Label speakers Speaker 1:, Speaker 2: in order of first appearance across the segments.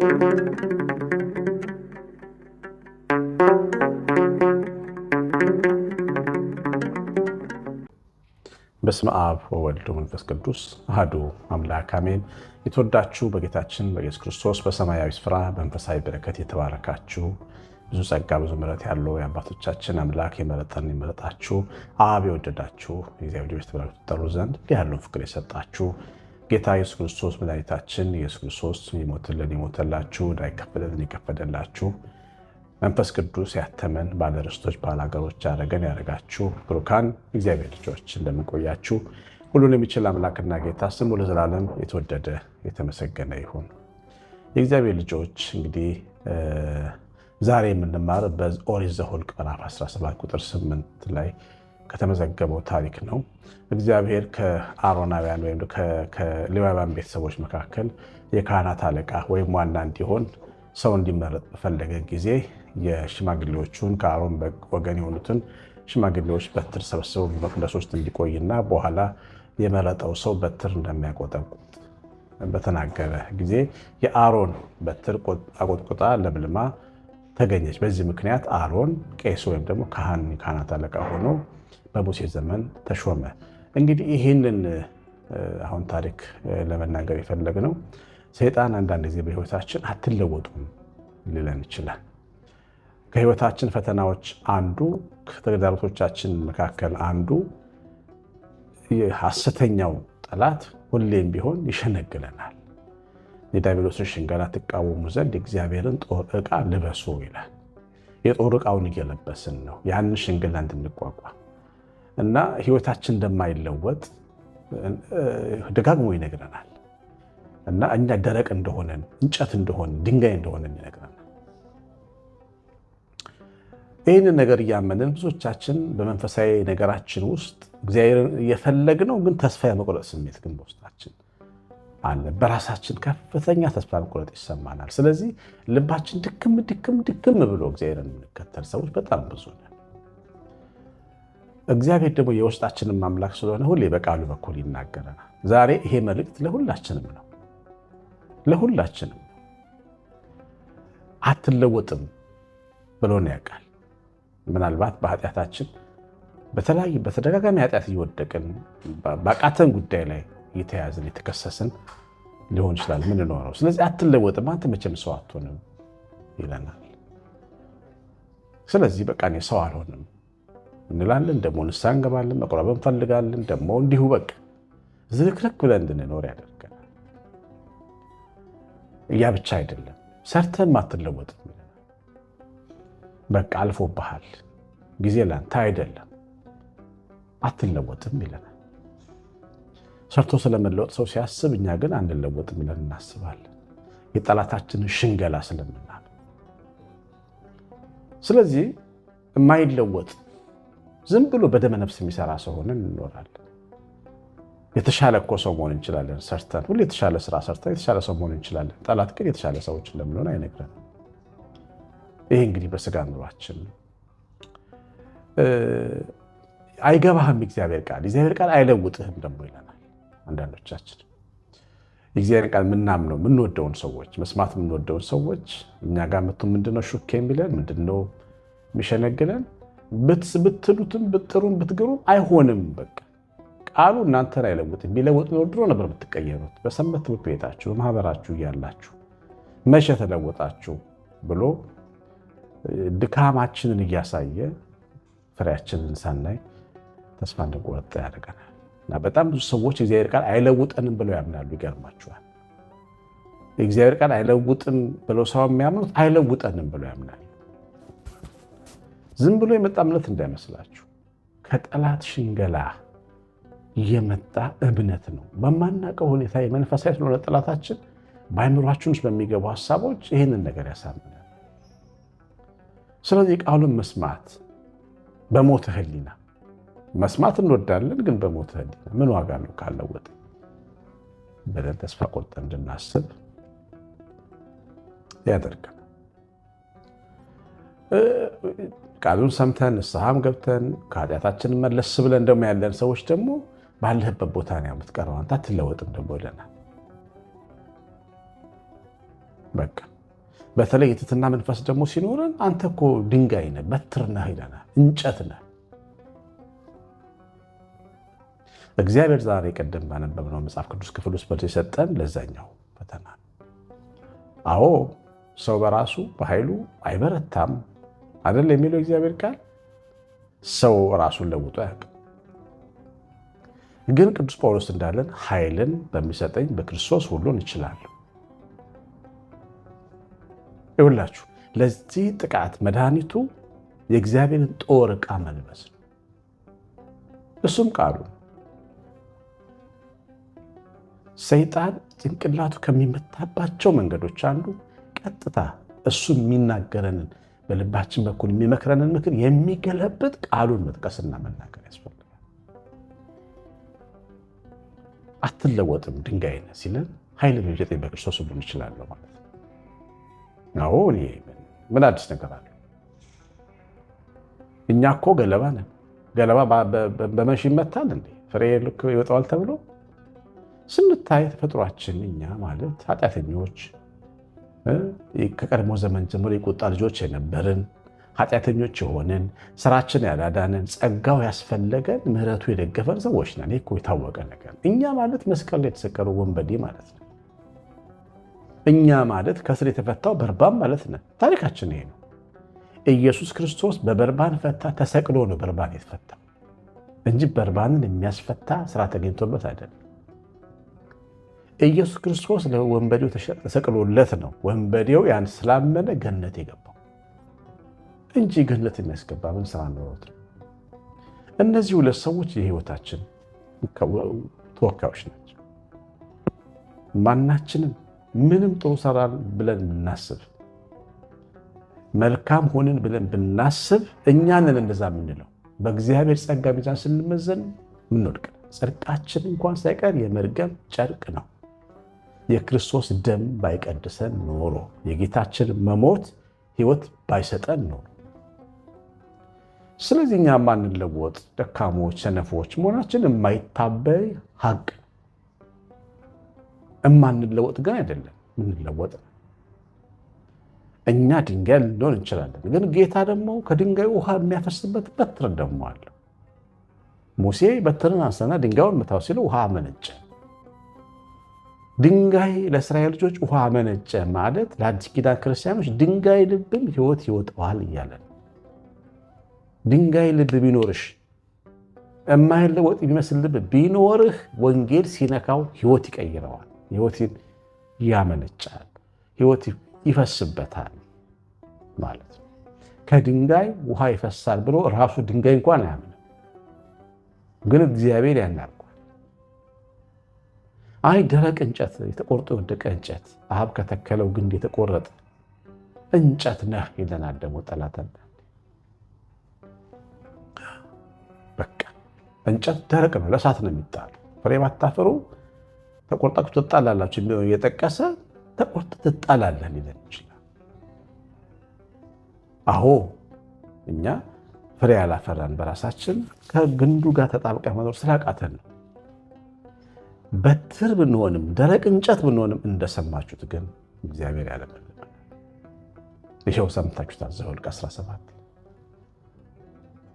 Speaker 1: በስመ አብ ወወልድ ወመንፈስ ቅዱስ አሐዱ አምላክ አሜን። የተወዳችሁ በጌታችን በኢየሱስ ክርስቶስ በሰማያዊ ስፍራ በመንፈሳዊ በረከት የተባረካችሁ ብዙ ጸጋ ብዙ ምሕረት ያለው የአባቶቻችን አምላክ የመረጠን የመረጣችሁ አብ የወደዳችሁ የእግዚአብሔር ልጆች ተብላችሁ ትጠሩ ዘንድ ያለውን ፍቅር የሰጣችሁ ጌታ ኢየሱስ ክርስቶስ መድኃኒታችን ኢየሱስ ክርስቶስ የሞትልን የሞተላችሁ ዕዳ የከፈለልን መንፈስ ቅዱስ ያተመን ባለርስቶች ባላገሮች ያደረገን ያደረጋችሁ ብሩካን እግዚአብሔር ልጆች እንደምንቆያችሁ ሁሉን የሚችል አምላክና ጌታ ስሙ ለዘላለም የተወደደ የተመሰገነ ይሁን። የእግዚአብሔር ልጆች እንግዲህ ዛሬ የምንማር በኦሪት ዘኍልቍ ምዕራፍ 17 ቁጥር 8 ላይ ከተመዘገበው ታሪክ ነው። እግዚአብሔር ከአሮናውያን ወይም ከሌዋውያን ቤተሰቦች መካከል የካህናት አለቃ ወይም ዋና እንዲሆን ሰው እንዲመረጥ በፈለገ ጊዜ የሽማግሌዎቹን ከአሮን ወገን የሆኑትን ሽማግሌዎች በትር ሰብስበው በመቅደስ ውስጥ እንዲቆይና በኋላ የመረጠው ሰው በትር እንደሚያቆጠቁጥ በተናገረ ጊዜ የአሮን በትር አቆጥቁጣ ለምልማ ተገኘች። በዚህ ምክንያት አሮን ቄስ ወይም ደግሞ ካህን ካህናት አለቃ ሆኖ በሙሴ ዘመን ተሾመ። እንግዲህ ይህንን አሁን ታሪክ ለመናገር የፈለግ ነው። ሰይጣን አንዳንድ ጊዜ በህይወታችን አትለወጡም ሊለን ይችላል። ከህይወታችን ፈተናዎች አንዱ ከተግዳሮቶቻችን መካከል አንዱ ሐሰተኛው ጠላት ሁሌም ቢሆን ይሸነግለናል። የዲያብሎስን ሽንገላ ትቃወሙ ዘንድ የእግዚአብሔርን ጦር ዕቃ ልበሱ ይላል። የጦር ዕቃውን እየለበስን ነው ያንን ሽንገላ እንድንቋቋም እና ህይወታችን እንደማይለወጥ ደጋግሞ ይነግረናል። እና እኛ ደረቅ እንደሆነን እንጨት እንደሆን ድንጋይ እንደሆነን ይነግረናል። ይህንን ነገር እያመንን ብዙዎቻችን በመንፈሳዊ ነገራችን ውስጥ እግዚአብሔርን እየፈለግነው ግን ተስፋ የመቁረጥ ስሜት ግን በውስጣችን አለ። በራሳችን ከፍተኛ ተስፋ መቁረጥ ይሰማናል። ስለዚህ ልባችን ድክም ድክም ድክም ብሎ እግዚአብሔርን የምንከተል ሰዎች በጣም ብዙ ነን። እግዚአብሔር ደግሞ የውስጣችንም አምላክ ስለሆነ ሁሌ በቃሉ በኩል ይናገረናል። ዛሬ ይሄ መልእክት ለሁላችንም ነው። ለሁላችንም አትለወጥም ብሎን ያውቃል። ምናልባት በኃጢአታችን በተለያዩ በተደጋጋሚ ኃጢአት እየወደቅን በቃተን ጉዳይ ላይ እየተያዝን የተከሰስን ሊሆን ይችላል። ምንኖረው። ስለዚህ አትለወጥም፣ አንተ መቼም ሰው አትሆንም ይለናል። ስለዚህ በቃ እኔ ሰው አልሆንም እንላለን፣ ደግሞ ንስሓ እንገባለን፣ መቁረብ እንፈልጋለን። ደግሞ እንዲሁ በቃ ዝልክልክ ብለን እንድንኖር ያደርገናል። እያ ብቻ አይደለም ሰርተን አትለወጥም። በቃ አልፎብሃል፣ ጊዜ ላንተ አይደለም፣ አትለወጥም ይለናል። ሰርቶ ስለመለወጥ ሰው ሲያስብ፣ እኛ ግን አንለወጥም ብለን እናስባለን። የጠላታችንን ሽንገላ ስለምናል። ስለዚህ የማይለወጥ ዝም ብሎ በደመ ነፍስ የሚሰራ ሰው ሆነን እንኖራለን። የተሻለ እኮ ሰው መሆን እንችላለን። ሰርተን ሁሌ የተሻለ ስራ ሰርተን የተሻለ ሰው መሆን እንችላለን። ጠላት ግን የተሻለ ሰዎች እንደምንሆን አይነግረን። ይሄ እንግዲህ በስጋ ኑሯችን አይገባህም። እግዚአብሔር ቃል እግዚአብሔር ቃል አይለውጥህም ደግሞ ይለናል። አንዳንዶቻችን የእግዚአብሔር ቃል ምናምነው የምንወደውን ሰዎች መስማት የምንወደውን ሰዎች እኛ ጋር መቶ ምንድነው ሹክ የሚለን ምንድነው የሚሸነግለን ብትሉትም ብትጥሩም ብትግሩም አይሆንም። በቃ ቃሉ እናንተን አይለውጥም። ቢለውጥ ኖር ድሮ ነበር ብትቀየሩት። በሰንበት ትምህርት ቤታችሁ በማህበራችሁ እያላችሁ መቼ ተለወጣችሁ ብሎ ድካማችንን እያሳየ ፍሬያችንን ሳናይ ተስፋ እንድንቆርጥ ያደርገናል። እና በጣም ብዙ ሰዎች እግዚአብሔር ቃል አይለውጠንም ብለው ያምናሉ። ይገርማችኋል። እግዚአብሔር ቃል አይለውጥም ብለው ሰው የሚያምኑት አይለውጠንም ብለው ያምናል። ዝም ብሎ የመጣ እምነት እንዳይመስላችሁ። ከጠላት ሽንገላ የመጣ እምነት ነው። በማናውቀው ሁኔታ የመንፈሳዊ ስለሆነ ጠላታችን በአይምሯችን ውስጥ በሚገቡ ሀሳቦች ይህንን ነገር ያሳምናል። ስለዚህ ቃሉን መስማት በሞተ ህሊና መስማት እንወዳለን፣ ግን በሞተ ህሊና ምን ዋጋ ነው ካለወጥ በደል ተስፋ ቆርጠን እንድናስብ ያደርጋል። ቃሉን ሰምተን ንስሐም ገብተን ከኃጢአታችን መለስ ብለን ደግሞ ያለን ሰዎች ደግሞ ባለህበት ቦታ ነው የምትቀረው አንተ አትለወጥም ደግሞ ይለናል። በቃ በተለይ የትትና መንፈስ ደግሞ ሲኖረን አንተ እኮ ድንጋይ ነህ፣ በትር ነህ ይለናል፣ እንጨት ነህ። እግዚአብሔር ዛሬ ቀደም ባነበብነው መጽሐፍ ቅዱስ ክፍል ውስጥ በልቶ የሰጠን ለዛኛው ፈተና። አዎ ሰው በራሱ በኃይሉ አይበረታም። አይደል የሚለው እግዚአብሔር ቃል። ሰው ራሱን ለውጦ ያውቅ። ግን ቅዱስ ጳውሎስ እንዳለን ኃይልን በሚሰጠኝ በክርስቶስ ሁሉን እችላለሁ። ይሁላችሁ ለዚህ ጥቃት መድኃኒቱ የእግዚአብሔርን ጦር ዕቃ መልበስ ነው። እሱም ቃሉ ሰይጣን ጭንቅላቱ ከሚመታባቸው መንገዶች አንዱ ቀጥታ እሱ የሚናገረንን በልባችን በኩል የሚመክረንን ምክር የሚገለብጥ ቃሉን መጥቀስና መናገር ያስፈልጋል። አትለወጥም ድንጋይ ነህ ሲለን ኃይል የሚሰጠኝ በክርስቶስ ሁሉን እችላለሁ ማለት ነው። እኔ ምን አዲስ ነገር አለ? እኛ እኮ ገለባ ነን። ገለባ በመንሽ ይመታል እንዴ? ፍሬ ልክ ይወጣዋል ተብሎ ስንታይ ተፈጥሯችን እኛ ማለት ኃጢአተኞች ከቀድሞ ዘመን ጀምሮ የቁጣ ልጆች የነበርን ኃጢአተኞች የሆንን ስራችን ያዳዳንን ጸጋው ያስፈለገን ምሕረቱ የደገፈን ሰዎች ነን። ይህ የታወቀ ነገር። እኛ ማለት መስቀል ላይ የተሰቀለው ወንበዴ ማለት ነው። እኛ ማለት ከስር የተፈታው በርባን ማለት ነ ታሪካችን ይሄ ነው። ኢየሱስ ክርስቶስ በበርባን ፈታ ተሰቅሎ ነው በርባን የተፈታ እንጂ በርባንን የሚያስፈታ ስራ ተገኝቶበት አይደለም። ኢየሱስ ክርስቶስ ለወንበዴው ተሰቅሎለት ነው ወንበዴው ያን ስላመነ ገነት የገባው እንጂ ገነት የሚያስገባ ምን ስራ ኖሮት ነው? እነዚህ ሁለት ሰዎች የህይወታችን ተወካዮች ናቸው። ማናችንም ምንም ጥሩ ሰራን ብለን ብናስብ፣ መልካም ሆንን ብለን ብናስብ እኛንን እንደዛ የምንለው በእግዚአብሔር ጸጋ ሚዛን ስንመዘን ምንወድቅ፣ ጽድቃችን እንኳን ሳይቀር የመርገም ጨርቅ ነው። የክርስቶስ ደም ባይቀድሰን ኖሮ የጌታችን መሞት ህይወት ባይሰጠን ኖሮ ስለዚህ እኛ ማንለወጥ ደካሞች፣ ሰነፎች መሆናችን የማይታበይ ሀቅ፣ እማንለወጥ ግን አይደለም። ምንለወጥ እኛ ድንጋይ ልንሆን እንችላለን፣ ግን ጌታ ደግሞ ከድንጋይ ውሃ የሚያፈስበት በትር ደግሞ አለ። ሙሴ በትርን አንሳና ድንጋዩን ምታው ሲለው ውሃ አመነጨ። ድንጋይ ለእስራኤል ልጆች ውሃ መነጨ ማለት ለአዲስ ኪዳን ክርስቲያኖች ድንጋይ ልብም ህይወት ይወጠዋል እያለ ድንጋይ ልብ ቢኖርሽ የማይለወጥ የሚመስል ልብ ቢኖርህ ወንጌል ሲነካው ህይወት ይቀይረዋል፣ ሕይወትን ያመነጫል፣ ህይወት ይፈስበታል ማለት ነው። ከድንጋይ ውሃ ይፈሳል ብሎ ራሱ ድንጋይ እንኳን አያምንም፣ ግን እግዚአብሔር ያናል አይ ደረቅ እንጨት የተቆርጦ የወደቀ እንጨት አብ ከተከለው ግንድ የተቆረጠ እንጨት ነህ ይለናል። ደግሞ ጠላተን። በቃ እንጨት ደረቅ ነው፣ ለእሳት ነው የሚጣሉ ፍሬ ባታፈሩ ተቆርጣችሁ ትጣላላችሁ የሚለው እየጠቀሰ ተቆርጥ ትጣላለህ ሊለን ይችላል። አዎ እኛ ፍሬ ያላፈራን በራሳችን ከግንዱ ጋር ተጣብቀ መኖር ስላቃተን ነው። በትር ብንሆንም ደረቅ እንጨት ብንሆንም እንደሰማችሁት ግን እግዚአብሔር ያለብን ይኸው ሰምታችሁታል። ዘኍልቍ 17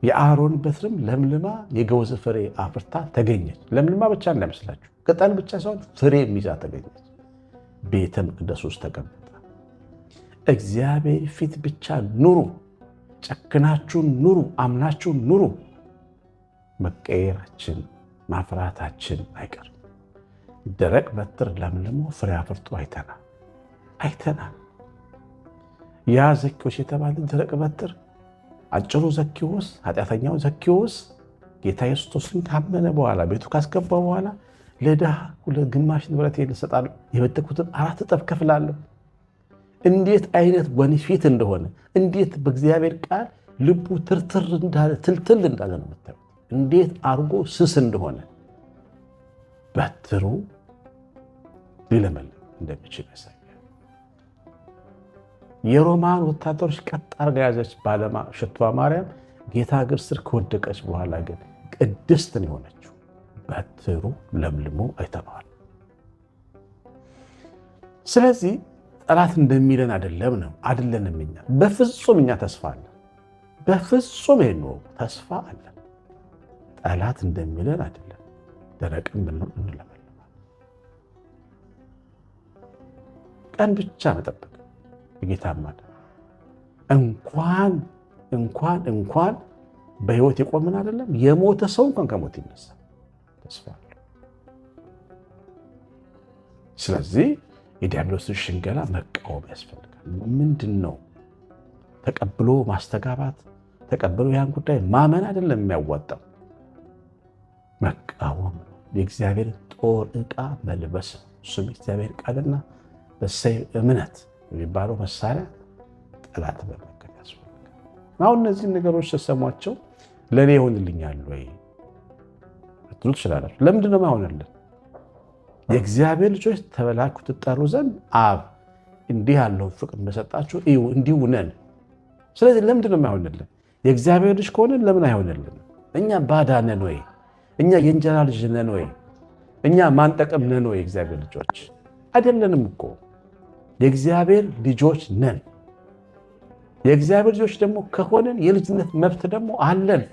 Speaker 1: የአሮን በትርም ለምልማ የገውዝ ፍሬ አፍርታ ተገኘች። ለምልማ ብቻ እንዳይመስላችሁ ቅጠል ብቻ ሳይሆን ፍሬ ይዛ ተገኘች። ቤተ መቅደስ ውስጥ ተቀምጣ እግዚአብሔር ፊት ብቻ ኑሩ፣ ጨክናችሁን ኑሩ፣ አምናችሁን ኑሩ። መቀየራችን ማፍራታችን አይቀርም። ደረቅ በትር ለምልሞ ፍሬ አፍርጦ አይተናል አይተናል። ያ ዘኪዎስ የተባለ ደረቅ በትር አጭሩ ዘኪዎስ ኃጢአተኛው ዘኪዎስ ጌታ ኢየሱስ ክርስቶስን በኋላ ቤቱ ካስገባ በኋላ ለድሃ ግማሽ ንብረት ልሰጣለሁ የበተኩትን አራት እጥፍ ከፍላለ እንዴት አይነት ወንፊት እንደሆነ እንዴት በእግዚአብሔር ቃል ልቡ ትርትር እንዳለ ትልትል እንዳለ ነው የምታዩት። እንዴት አርጎ ስስ እንደሆነ በትሩ ሊለመልም እንደሚችል ያሳያል። የሮማን ወታደሮች ቀጥ አድርጋ ያዘች ባለማ ሽቷ ማርያም ጌታ እግር ስር ከወደቀች በኋላ ግን ቅድስት ነው የሆነችው። በትሩ ለምልሞ አይተነዋል። ስለዚህ ጠላት እንደሚለን አይደለም ነው አይደለንም። እኛ በፍጹም እኛ ተስፋ አለ፣ በፍጹም ይህን ተስፋ አለ። ጠላት እንደሚለን አይደለም። ደረቅም ብንሆን ቀን ብቻ መጠበቅ ጌታ እንኳን እንኳን እንኳን በህይወት የቆምን አይደለም የሞተ ሰው እንኳን ከሞት ይነሳል። ተስፋ ስለዚህ የዲያብሎስን ሽንገላ መቃወም ያስፈልጋል። ምንድን ነው ተቀብሎ ማስተጋባት፣ ተቀብሎ ያን ጉዳይ ማመን አይደለም የሚያዋጣው፣ መቃወም ነው። የእግዚአብሔር ጦር ዕቃ መልበስ ነው። እሱም የእግዚአብሔር ቃልና በሰይ እምነት የሚባለው መሳሪያ ጠላት መመከት ያስፈልጋል። አሁን እነዚህን ነገሮች ስሰሟቸው ለእኔ ይሆንልኛል ወይ ልትሉ ትችላላችሁ። ለምንድነው የማይሆንልን? የእግዚአብሔር ልጆች ተበላኩ ትጠሩ ዘንድ አብ እንዲህ ያለውን ፍቅር እንደሰጣችሁ እንዲሁ ነን። ስለዚህ ለምንድነው የማይሆንልን? የእግዚአብሔር ልጅ ከሆነ ለምን አይሆንልን? እኛ ባዳ ነን ወይ? እኛ የእንጀራ ልጅ ነን ወይ? እኛ ማንጠቅም ነን ወይ? እግዚአብሔር ልጆች አይደለንም እኮ የእግዚአብሔር ልጆች ነን። የእግዚአብሔር ልጆች ደግሞ ከሆነን የልጅነት መብት ደግሞ አለን።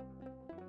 Speaker 1: Thank you.